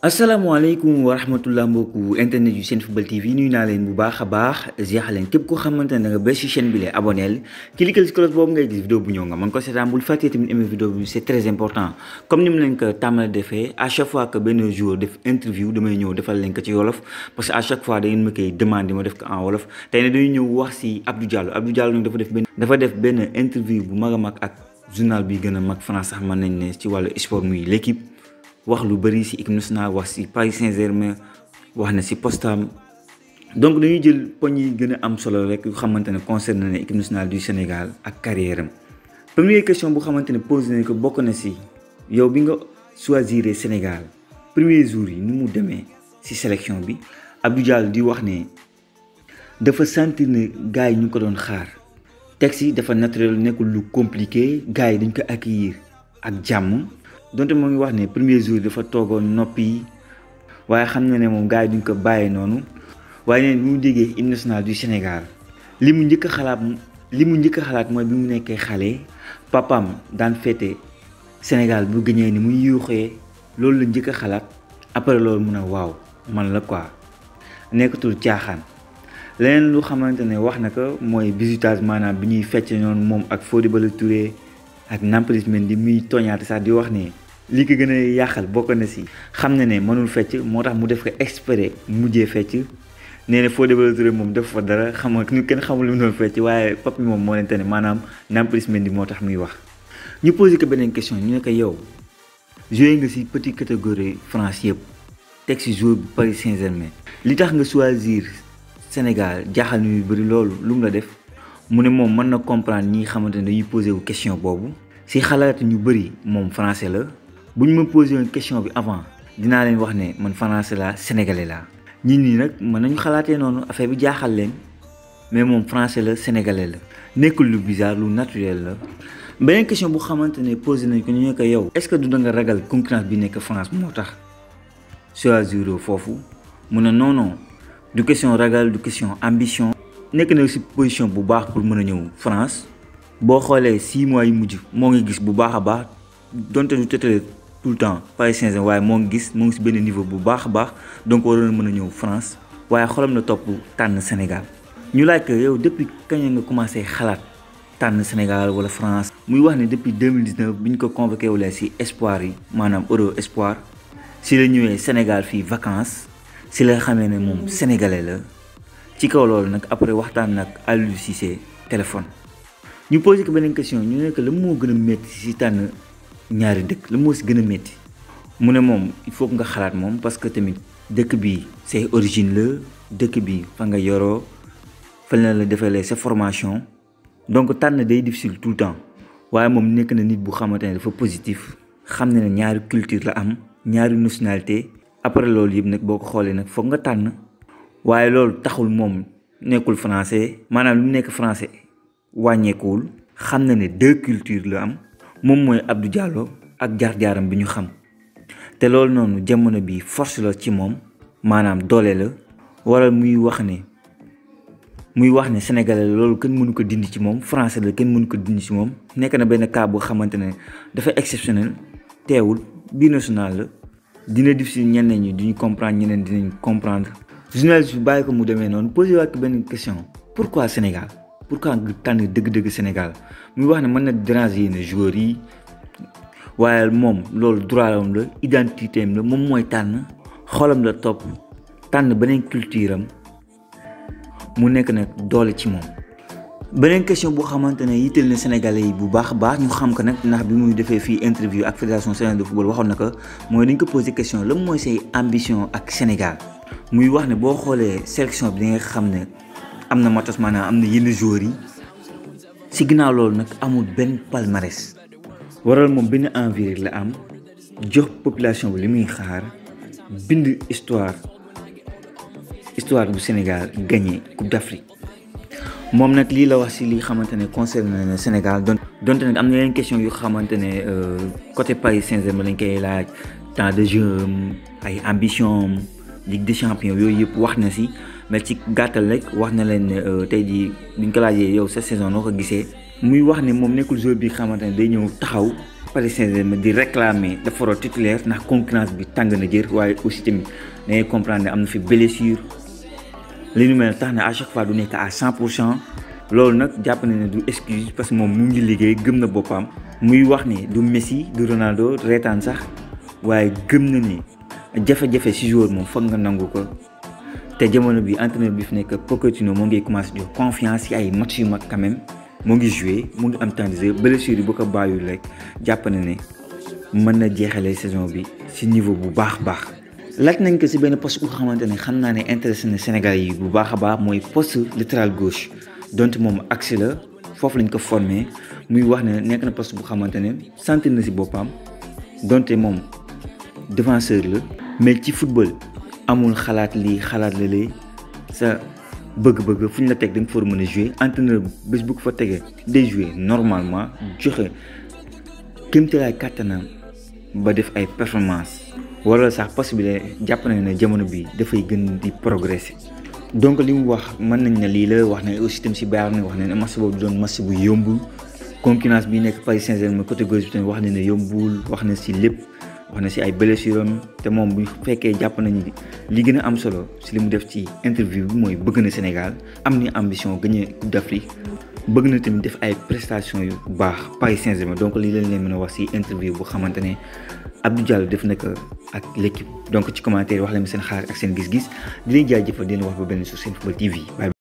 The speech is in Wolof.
asalaamaaleykum wa rahmatullah mbokku internet yu seen football tv nuyu naa leen bu baax a baax ziar leen képp ko xamante ne da nga bés si chaîne bi lay aboneel cliquer si cloche boobu ngay gis vidéo bu ñëw nga mën ko seetaan bul fàttee tamit aimé ko tàmmal defee à que benn fois da ngeen ma koy demandé ma def ko en wolof tey ne dañuy ñëw wax si Abdou Diallo Abdou Diallo nag dafa def benn dafa def benn interview bu mag a mag ak journal bi gën a mag France sax mën nañ ne ci wàllu sport muy l'équipe wax lu bëri si équipe nationale wax si Paris Saint-Germain wax na si postam donc dañuy jël poñ yi gën a am solo rek yu xamante ne concerné na équipe nationale du Sénégal ak carrière am première question bu xamante ne posé nañ ko bokk na si yow bi nga choisir Sénégal premier jour yi ni mu demee si sélection bi Abdou Diallo di wax ne dafa sentir ne gars yi ñu ko doon xaar texte yi dafa naturel nekkul lu compliqué gars yi dañ ko accueillir ak jàmm donte moom ngi wax ne premier jour dafa toogoon noppi yi waaye xam na ne moom gars yi duñ ko bàyyi noonu waaye neen bi mu déggee hymne national du Sénégal li mu njëkk xalaat li mu njëkk a xalaat mooy bi mu nekkee xale papaam daan fete Sénégal bu gëñee ni muy yuuxee loolu la njëkk a xalaat après loolu mun a waaw man la quoi nekkatul caaxaan leneen lu xamante ne wax na ko mooy bisutage maanaam bi ñuy fecc noonu moom ak Fodé bala Touré ak Nampalys Mendy muy tooñaate sax di wax ne li ko gën a yàqal bokk na si xam na ne mënul fecc moo tax mu def ko exprès mujjee fecc nee na Fodé Ballo-Touré moom def fa dara xam nga ñu kenn xamul lu mu doon fecc waaye Papy moom moo leen tane maanaam Nampalys Mendy moo tax muy wax. ñu posé ko beneen question ñu ne ko yow joué nga si petite catégorie France yëpp teg si joueur bu Paris Saint-Germain li tax nga choisir Sénégal jaaxal ñu bëri loolu lu mu la def. mu ne moom mën na comprendre ñi nga xamante ne dañuy posé wu question boobu si xalaat ñu bëri moom français la bu ñu ma posé woon question bi avant dinaa leen wax ne man français laa sénégalais laa ñit ñi nag mën nañu xalaatee noonu affaire bi jaaxal leen mais moom français la sénégalais la nekkul lu bizarre lu naturel la. beneen question bu xamante ne posé nañ ko ñu ne ko yow est-ce que du da nga ragal concurrence bi nekk France moo tax choisir foofu mun na noonu du question ragal du question ambition. nekk na si position bu baax pour mën a ñëw France boo xoolee si mois yu mujj moo ngi gis bu baax a baax donte du tëtale tout le temps Paris saint waaye moo ngi gis moo ngi si benn niveau bu baax baax donc waroon mën a ñëw France waaye xolam na topp tànn Sénégal ñu laaj yow depuis kañ nga commencé xalaat tànn Sénégal wala France muy wax ne depuis 2019 bi ñu ko convoqué wala si espoir yi maanaam euro espoir si la ñëwee Sénégal fii vacance si la xamee ne moom sénégalais la. ci kaw loolu nag après waxtaan nag Aliou Cissé téléphone ñu posé ko beneen question ñu nekk que la moo gën a métti si tànn ñaari dëkk la moo si gën a métti mu ne moom il faut nga xalaat moom parce que tamit dëkk bi say origine la dëkk bi fa nga yoroo fa la la defalee sa formation donc tànn day difficile tout le temps waaye moom nekk na nit bu xamante ne dafa positif xam ne ne ñaari culture la am ñaari nationalité après loolu yëpp nag boo ko xoolee nag foog nga tànn waaye loolu taxul moom nekkul français maanaam lu mu nekk français wàññeekuwul xam na ne deux culture la am moom mooy Abdou Diallo ak jaar-jaaram bi ñu xam te loolu noonu jamono bi force la ci moom maanaam doole la wala muy wax ni muy wax ne sénégale la loolu kenn mënu ko dindi ci moom français la kenn mënu ko dindi ci moom nekk na benn cas boo xamante ne dafa exceptionnel teewul binational la dina difficile ñenn ñi duñu comprendre ñeneen dinañ comprendre journaliste bi bàyyi ko mu demee noonu posé waat benn question pourquoi Sénégal pourquoi nga tànn dëgg-dëgg Sénégal muy wax ne mën na déranger yenn joueurs yi waaye moom loolu droit am la identité la moom mooy tànn xolam la topp tànn beneen culture am mu nekk nag doole ci moom. beneen question boo xamante ne yitteel na sénégalais yi bu baax a baax ñu xam ko nag ndax bi muy defee fii interview ak fédération sénégalaise de football waxoon na ko mooy dañ ko posé question lan mooy say ambition ak Sénégal. muy wax ne boo xoolee sélection bi da nga xam ne am na matos maanaam am na yenn joueurs yi si loolu nag amul benn palmarès waral moom benn envie la am jox population bi li muy xaar bind histoire bu Sénégal gagné Coupe d'Afrique moom nag lii la wax si li xamante ne concerné na Sénégal don donte nag am na yeneen question yu xamante ne euh, côté Paris Saint-Germain lañ koy laaj temps de jeu ay ambition Ligue des yooyu yëpp wax na si mais ci gàttal rek wax na leen ne euh, tey jii buñ ko laajee yow sa saison noo ko gisee. muy wax ne moom nekkul joueur bi xamante ne day ñëw taxaw Paris Saint-Germain di réclamer dafa war titulaire ndax concurrence bi tàng na jër waaye aussi tamit dangay comprendre ne am na fi blessure li nu mel tax na à chaque fois du nekk à cent pour cent loolu nag jàpp na ne du excuse parce que moom mu ngi liggéey gëm na boppam muy wax ne du Messi du Ronaldo reetaan sax waaye gëm ni jafe-jafe si joueur moom foog nga nangu ko te jamono bi entraîneur bi fi nekk Pochettino moo ngi commencé jox confiance ci ay match yu mag quand moo ngi joué mu ngi am temps de jeu blessure yi bu ko bàyyul rek jàpp na ne mën na jeexalee saison bi si niveau bu baax baax. laaj nañ ko si benn post bu xamante ne xam naa ne intéressé na Sénégal yi bu baax a baax mooy poste latéral gauche donte moom agsi la foofu lañ ko formé muy wax ne nekk na poste bu xamante ne sentir na si boppam donte moom défenseur mais ci football amul xalaat lii xalaat la lee sa bëgg-bëgg fu ñu la teg da nga fa mën a jouer entraîneur bés bu ko fa tegee day jouer normalement hmm. joxe kéemtalaay kàttanam ba def ay performance wala sax possible jàpp nañ ne jamono bi dafay gën di progresser donc li mu wax mën nañ ne lii la wax ne aussi tam si Bayern ne wax ne match boobu doon match bu yombul concurrence bi nekk Paris Saint-Germain côté gauche bi tamit wax ne ne yombul wax na si lépp wax na si ay blessure am te moom bu fekkee jàpp nañu li gën a am solo si li mu def ci interview bi mooy bëgg na Sénégal am ni ambition gagné Coupe d'Afrique bëgg na tamit def ay prestation yu bu baax Paris Saint-Germain donc lii leen leen mën a wax si interview bu xamante ne Abdou Diallo def na ko ak l'équipe donc ci commentaire wax leen seen xaar ak seen gis-gis di leen jaajëfal di leen wax ba benn sur seen football TV.